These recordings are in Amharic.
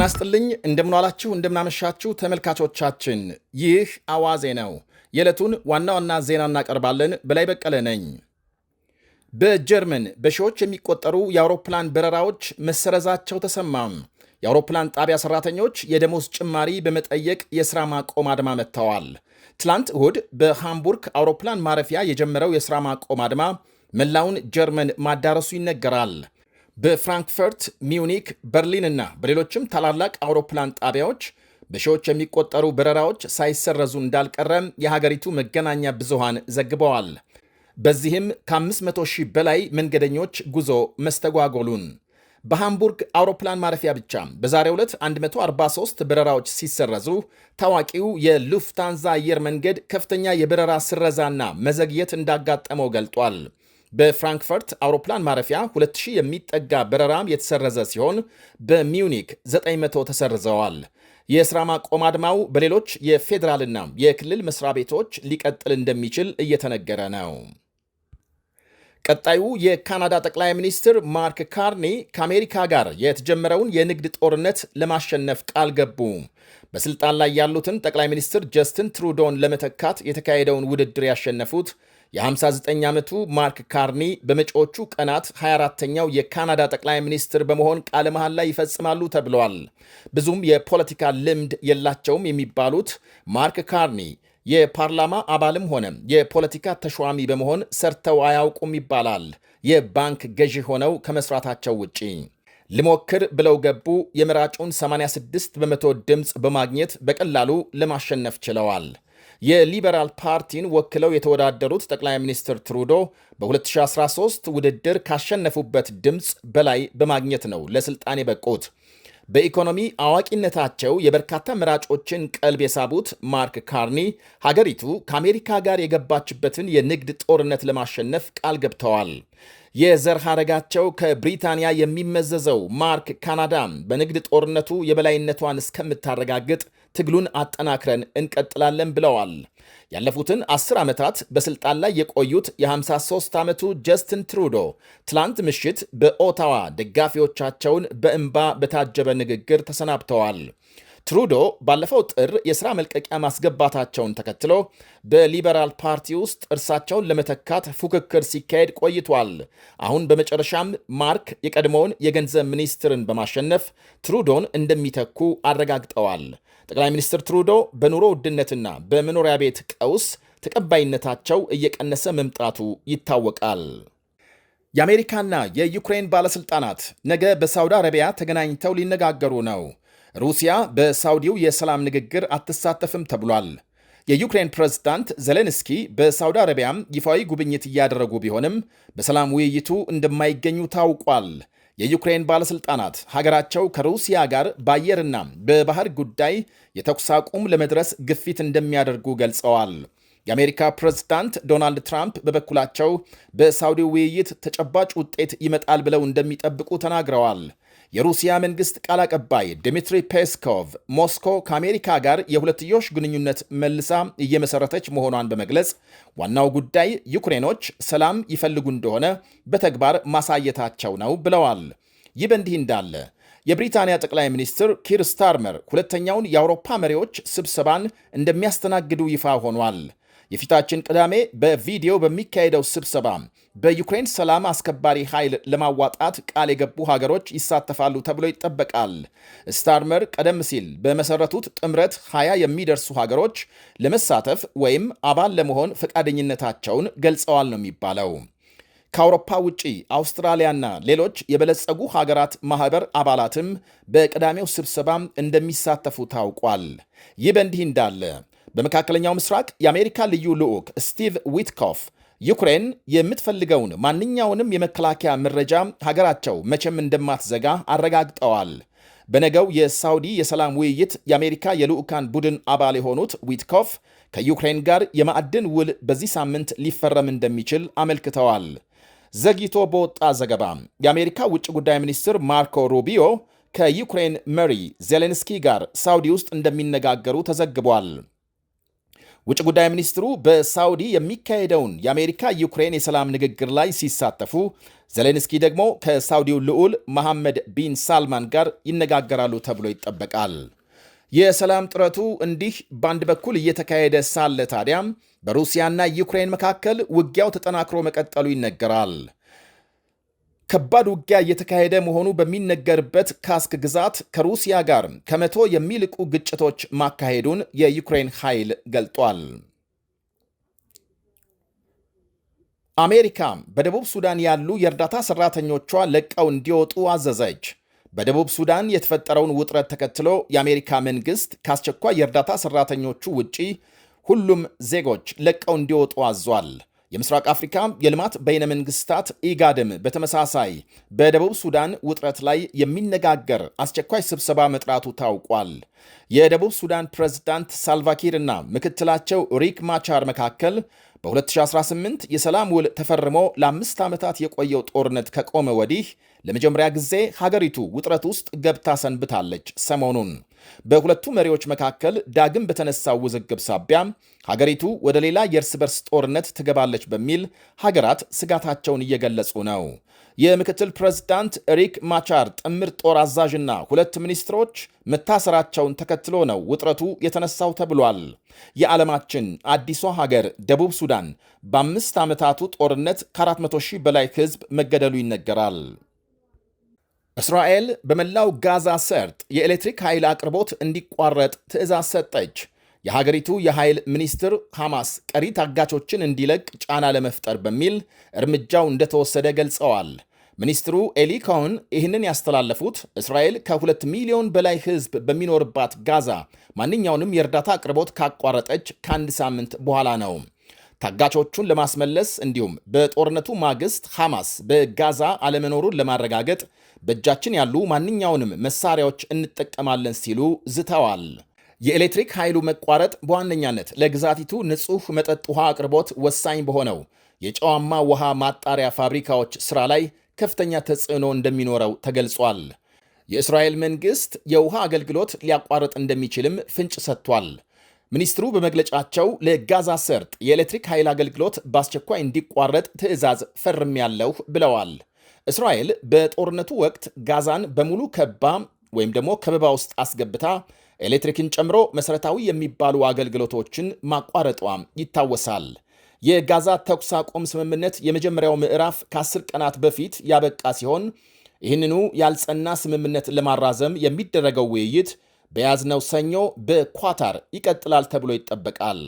ጤና ስጥልኝ እንደምን እንደምናመሻችሁ ተመልካቾቻችን፣ ይህ አዋዜ ነው። የዕለቱን ዋና ዋና ዜና እናቀርባለን። በላይ በቀለ ነኝ። በጀርመን በሺዎች የሚቆጠሩ የአውሮፕላን በረራዎች መሰረዛቸው ተሰማም። የአውሮፕላን ጣቢያ ሰራተኞች የደሞዝ ጭማሪ በመጠየቅ የሥራ ማቆም አድማ መጥተዋል። ትላንት እሁድ በሃምቡርግ አውሮፕላን ማረፊያ የጀመረው የሥራ ማቆም አድማ መላውን ጀርመን ማዳረሱ ይነገራል። በፍራንክፈርት፣ ሚውኒክ፣ በርሊን እና በሌሎችም ታላላቅ አውሮፕላን ጣቢያዎች በሺዎች የሚቆጠሩ በረራዎች ሳይሰረዙ እንዳልቀረም የሀገሪቱ መገናኛ ብዙሃን ዘግበዋል። በዚህም ከ500 ሺህ በላይ መንገደኞች ጉዞ መስተጓጎሉን በሃምቡርግ አውሮፕላን ማረፊያ ብቻ በዛሬው ዕለት 143 በረራዎች ሲሰረዙ ታዋቂው የሉፍታንዛ አየር መንገድ ከፍተኛ የበረራ ስረዛና መዘግየት እንዳጋጠመው ገልጧል። በፍራንክፈርት አውሮፕላን ማረፊያ 2000 የሚጠጋ በረራም የተሰረዘ ሲሆን በሚዩኒክ 900 ተሰርዘዋል። የሥራ ማቆም አድማው በሌሎች የፌዴራልና የክልል መስሪያ ቤቶች ሊቀጥል እንደሚችል እየተነገረ ነው። ቀጣዩ የካናዳ ጠቅላይ ሚኒስትር ማርክ ካርኒ ከአሜሪካ ጋር የተጀመረውን የንግድ ጦርነት ለማሸነፍ ቃል ገቡ። በስልጣን ላይ ያሉትን ጠቅላይ ሚኒስትር ጀስትን ትሩዶን ለመተካት የተካሄደውን ውድድር ያሸነፉት የ59 ዓመቱ ማርክ ካርኒ በመጪዎቹ ቀናት 24ተኛው የካናዳ ጠቅላይ ሚኒስትር በመሆን ቃለ መሐላ ላይ ይፈጽማሉ ተብለዋል። ብዙም የፖለቲካ ልምድ የላቸውም የሚባሉት ማርክ ካርኒ የፓርላማ አባልም ሆነ የፖለቲካ ተሿሚ በመሆን ሰርተው አያውቁም ይባላል። የባንክ ገዢ ሆነው ከመስራታቸው ውጪ ልሞክር ብለው ገቡ። የመራጩን 86 በመቶ ድምፅ በማግኘት በቀላሉ ለማሸነፍ ችለዋል። የሊበራል ፓርቲን ወክለው የተወዳደሩት ጠቅላይ ሚኒስትር ትሩዶ በ2013 ውድድር ካሸነፉበት ድምፅ በላይ በማግኘት ነው ለስልጣን የበቁት። በኢኮኖሚ አዋቂነታቸው የበርካታ መራጮችን ቀልብ የሳቡት ማርክ ካርኒ ሀገሪቱ ከአሜሪካ ጋር የገባችበትን የንግድ ጦርነት ለማሸነፍ ቃል ገብተዋል። የዘር ሐረጋቸው ከብሪታንያ የሚመዘዘው ማርክ ካናዳ በንግድ ጦርነቱ የበላይነቷን እስከምታረጋግጥ ትግሉን አጠናክረን እንቀጥላለን ብለዋል። ያለፉትን አስር ዓመታት በሥልጣን ላይ የቆዩት የ53 ዓመቱ ጀስትን ትሩዶ ትላንት ምሽት በኦታዋ ደጋፊዎቻቸውን በእንባ በታጀበ ንግግር ተሰናብተዋል። ትሩዶ ባለፈው ጥር የሥራ መልቀቂያ ማስገባታቸውን ተከትሎ በሊበራል ፓርቲ ውስጥ እርሳቸውን ለመተካት ፉክክር ሲካሄድ ቆይቷል። አሁን በመጨረሻም ማርክ የቀድሞውን የገንዘብ ሚኒስትርን በማሸነፍ ትሩዶን እንደሚተኩ አረጋግጠዋል። ጠቅላይ ሚኒስትር ትሩዶ በኑሮ ውድነትና በመኖሪያ ቤት ቀውስ ተቀባይነታቸው እየቀነሰ መምጣቱ ይታወቃል። የአሜሪካና የዩክሬን ባለሥልጣናት ነገ በሳውዲ አረቢያ ተገናኝተው ሊነጋገሩ ነው። ሩሲያ በሳውዲው የሰላም ንግግር አትሳተፍም ተብሏል። የዩክሬን ፕሬዝዳንት ዘሌንስኪ በሳውዲ አረቢያም ይፋዊ ጉብኝት እያደረጉ ቢሆንም በሰላም ውይይቱ እንደማይገኙ ታውቋል። የዩክሬን ባለሥልጣናት ሀገራቸው ከሩሲያ ጋር በአየርና በባህር ጉዳይ የተኩስ አቁም ለመድረስ ግፊት እንደሚያደርጉ ገልጸዋል። የአሜሪካ ፕሬዝዳንት ዶናልድ ትራምፕ በበኩላቸው በሳውዲ ውይይት ተጨባጭ ውጤት ይመጣል ብለው እንደሚጠብቁ ተናግረዋል። የሩሲያ መንግስት ቃል አቀባይ ድሚትሪ ፔስኮቭ ሞስኮ ከአሜሪካ ጋር የሁለትዮሽ ግንኙነት መልሳ እየመሰረተች መሆኗን በመግለጽ ዋናው ጉዳይ ዩክሬኖች ሰላም ይፈልጉ እንደሆነ በተግባር ማሳየታቸው ነው ብለዋል። ይህ በእንዲህ እንዳለ የብሪታንያ ጠቅላይ ሚኒስትር ኪር ስታርመር ሁለተኛውን የአውሮፓ መሪዎች ስብሰባን እንደሚያስተናግዱ ይፋ ሆኗል። የፊታችን ቅዳሜ በቪዲዮ በሚካሄደው ስብሰባ በዩክሬን ሰላም አስከባሪ ኃይል ለማዋጣት ቃል የገቡ ሀገሮች ይሳተፋሉ ተብሎ ይጠበቃል። ስታርመር ቀደም ሲል በመሰረቱት ጥምረት ሀያ የሚደርሱ ሀገሮች ለመሳተፍ ወይም አባል ለመሆን ፈቃደኝነታቸውን ገልጸዋል ነው የሚባለው። ከአውሮፓ ውጪ አውስትራሊያና ሌሎች የበለጸጉ ሀገራት ማህበር አባላትም በቅዳሜው ስብሰባ እንደሚሳተፉ ታውቋል። ይህ በእንዲህ እንዳለ በመካከለኛው ምስራቅ የአሜሪካ ልዩ ልዑክ ስቲቭ ዊትኮፍ ዩክሬን የምትፈልገውን ማንኛውንም የመከላከያ መረጃ ሀገራቸው መቼም እንደማትዘጋ አረጋግጠዋል። በነገው የሳውዲ የሰላም ውይይት የአሜሪካ የልዑካን ቡድን አባል የሆኑት ዊትኮፍ ከዩክሬን ጋር የማዕድን ውል በዚህ ሳምንት ሊፈረም እንደሚችል አመልክተዋል። ዘግይቶ በወጣ ዘገባ የአሜሪካ ውጭ ጉዳይ ሚኒስትር ማርኮ ሩቢዮ ከዩክሬን መሪ ዜሌንስኪ ጋር ሳውዲ ውስጥ እንደሚነጋገሩ ተዘግቧል። ውጭ ጉዳይ ሚኒስትሩ በሳውዲ የሚካሄደውን የአሜሪካ ዩክሬን የሰላም ንግግር ላይ ሲሳተፉ፣ ዘሌንስኪ ደግሞ ከሳውዲው ልዑል መሐመድ ቢን ሳልማን ጋር ይነጋገራሉ ተብሎ ይጠበቃል። የሰላም ጥረቱ እንዲህ በአንድ በኩል እየተካሄደ ሳለ ታዲያም በሩሲያና ዩክሬን መካከል ውጊያው ተጠናክሮ መቀጠሉ ይነገራል። ከባድ ውጊያ እየተካሄደ መሆኑ በሚነገርበት ካስክ ግዛት ከሩሲያ ጋር ከመቶ የሚልቁ ግጭቶች ማካሄዱን የዩክሬን ኃይል ገልጧል። አሜሪካ በደቡብ ሱዳን ያሉ የእርዳታ ሠራተኞቿ ለቀው እንዲወጡ አዘዘች። በደቡብ ሱዳን የተፈጠረውን ውጥረት ተከትሎ የአሜሪካ መንግሥት ከአስቸኳይ የእርዳታ ሠራተኞቹ ውጪ ሁሉም ዜጎች ለቀው እንዲወጡ አዟል። የምስራቅ አፍሪካ የልማት በይነ መንግስታት ኢጋድም በተመሳሳይ በደቡብ ሱዳን ውጥረት ላይ የሚነጋገር አስቸኳይ ስብሰባ መጥራቱ ታውቋል። የደቡብ ሱዳን ፕሬዝዳንት ሳልቫኪር እና ምክትላቸው ሪክ ማቻር መካከል በ2018 የሰላም ውል ተፈርሞ ለአምስት ዓመታት የቆየው ጦርነት ከቆመ ወዲህ ለመጀመሪያ ጊዜ ሀገሪቱ ውጥረት ውስጥ ገብታ ሰንብታለች። ሰሞኑን በሁለቱ መሪዎች መካከል ዳግም በተነሳው ውዝግብ ሳቢያ ሀገሪቱ ወደ ሌላ የእርስ በርስ ጦርነት ትገባለች በሚል ሀገራት ስጋታቸውን እየገለጹ ነው። የምክትል ፕሬዝዳንት ሪክ ማቻር ጥምር ጦር አዛዥና ሁለት ሚኒስትሮች መታሰራቸውን ተከትሎ ነው ውጥረቱ የተነሳው ተብሏል። የዓለማችን አዲሷ ሀገር ደቡብ ሱዳን በአምስት ዓመታቱ ጦርነት ከ400 ሺህ በላይ ሕዝብ መገደሉ ይነገራል። እስራኤል በመላው ጋዛ ሰርጥ የኤሌክትሪክ ኃይል አቅርቦት እንዲቋረጥ ትዕዛዝ ሰጠች። የሀገሪቱ የኃይል ሚኒስትር ሐማስ ቀሪ ታጋቾችን እንዲለቅ ጫና ለመፍጠር በሚል እርምጃው እንደተወሰደ ገልጸዋል። ሚኒስትሩ ኤሊ ካሁን ይህንን ያስተላለፉት እስራኤል ከሁለት ሚሊዮን በላይ ሕዝብ በሚኖርባት ጋዛ ማንኛውንም የእርዳታ አቅርቦት ካቋረጠች ከአንድ ሳምንት በኋላ ነው። ታጋቾቹን ለማስመለስ እንዲሁም በጦርነቱ ማግስት ሐማስ በጋዛ አለመኖሩን ለማረጋገጥ በእጃችን ያሉ ማንኛውንም መሳሪያዎች እንጠቀማለን ሲሉ ዝተዋል። የኤሌክትሪክ ኃይሉ መቋረጥ በዋነኛነት ለግዛቲቱ ንጹሕ መጠጥ ውሃ አቅርቦት ወሳኝ በሆነው የጨዋማ ውሃ ማጣሪያ ፋብሪካዎች ሥራ ላይ ከፍተኛ ተጽዕኖ እንደሚኖረው ተገልጿል። የእስራኤል መንግሥት የውሃ አገልግሎት ሊያቋርጥ እንደሚችልም ፍንጭ ሰጥቷል። ሚኒስትሩ በመግለጫቸው ለጋዛ ሰርጥ የኤሌክትሪክ ኃይል አገልግሎት በአስቸኳይ እንዲቋረጥ ትዕዛዝ ፈርሜያለሁ ብለዋል። እስራኤል በጦርነቱ ወቅት ጋዛን በሙሉ ከባ ወይም ደግሞ ከበባ ውስጥ አስገብታ ኤሌክትሪክን ጨምሮ መሠረታዊ የሚባሉ አገልግሎቶችን ማቋረጧ ይታወሳል። የጋዛ ተኩስ አቁም ስምምነት የመጀመሪያው ምዕራፍ ከአስር ቀናት በፊት ያበቃ ሲሆን ይህንኑ ያልጸና ስምምነት ለማራዘም የሚደረገው ውይይት በያዝነው ሰኞ በኳታር ይቀጥላል ተብሎ ይጠበቃል።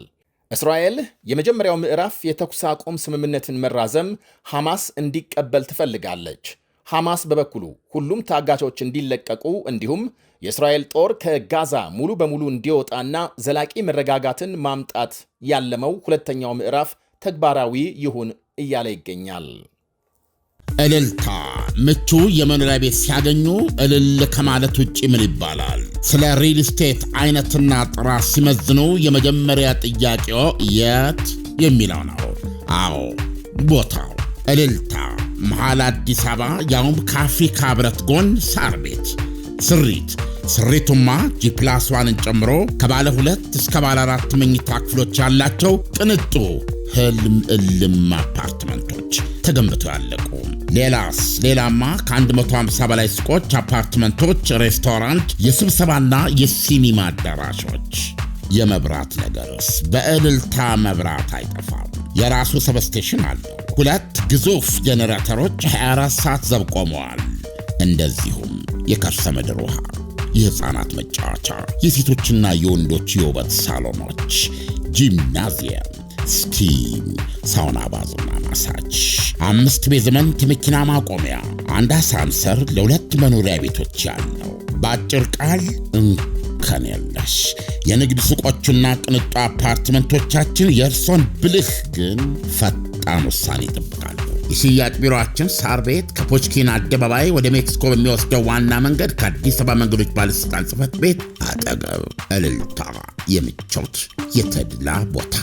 እስራኤል የመጀመሪያው ምዕራፍ የተኩስ አቁም ስምምነትን መራዘም ሐማስ እንዲቀበል ትፈልጋለች። ሐማስ በበኩሉ ሁሉም ታጋቾች እንዲለቀቁ እንዲሁም የእስራኤል ጦር ከጋዛ ሙሉ በሙሉ እንዲወጣና ዘላቂ መረጋጋትን ማምጣት ያለመው ሁለተኛው ምዕራፍ ተግባራዊ ይሁን እያለ ይገኛል። እልልታ ምቹ የመኖሪያ ቤት ሲያገኙ እልል ከማለት ውጭ ምን ይባላል? ስለ ሪል ስቴት አይነትና ጥራት ሲመዝኑ የመጀመሪያ ጥያቄው የት የሚለው ነው። አዎ ቦታው እልልታ መሃል አዲስ አበባ ያውም ከአፍሪካ ህብረት ጎን ሳር ቤት ስሪት ስሪቱማ ጂፕላስዋንን ጨምሮ ከባለ ሁለት እስከ ባለ አራት መኝታ ክፍሎች ያላቸው ቅንጡ ህልም እልም አፓርትመንቶች ተገንብቶ ያለቁ። ሌላስ ሌላማ ከ150 በላይ ሱቆች፣ አፓርትመንቶች፣ ሬስቶራንት፣ የስብሰባና የሲኒማ አዳራሾች። የመብራት ነገርስ በእልልታ መብራት አይጠፋም። የራሱ ሰብስቴሽን አለው። ሁለት ግዙፍ ጄኔሬተሮች 24 ሰዓት ዘብ ቆመዋል። እንደዚሁም የከርሰ ምድር ውሃ፣ የሕፃናት መጫወቻ፣ የሴቶችና የወንዶች የውበት ሳሎኖች፣ ጂምናዚየም፣ ስቲም፣ ሳውና፣ ባዝና ማሳጅ፣ አምስት ቤዝመንት መኪና ማቆሚያ፣ አንድ አሳንሰር ለሁለት መኖሪያ ቤቶች ያለው በአጭር ቃል እርከን የለሽ የንግድ ሱቆቹና ቅንጦ አፓርትመንቶቻችን የእርሶን ብልህ ግን ፈጣን ውሳኔ ይጠብቃሉ። የሽያጭ ቢሮችን ሳር ቤት ከፖችኪን አደባባይ ወደ ሜክሲኮ በሚወስደው ዋና መንገድ ከአዲስ አበባ መንገዶች ባለሥልጣን ጽፈት ቤት አጠገብ። እልልታ፣ የምቾት የተድላ ቦታ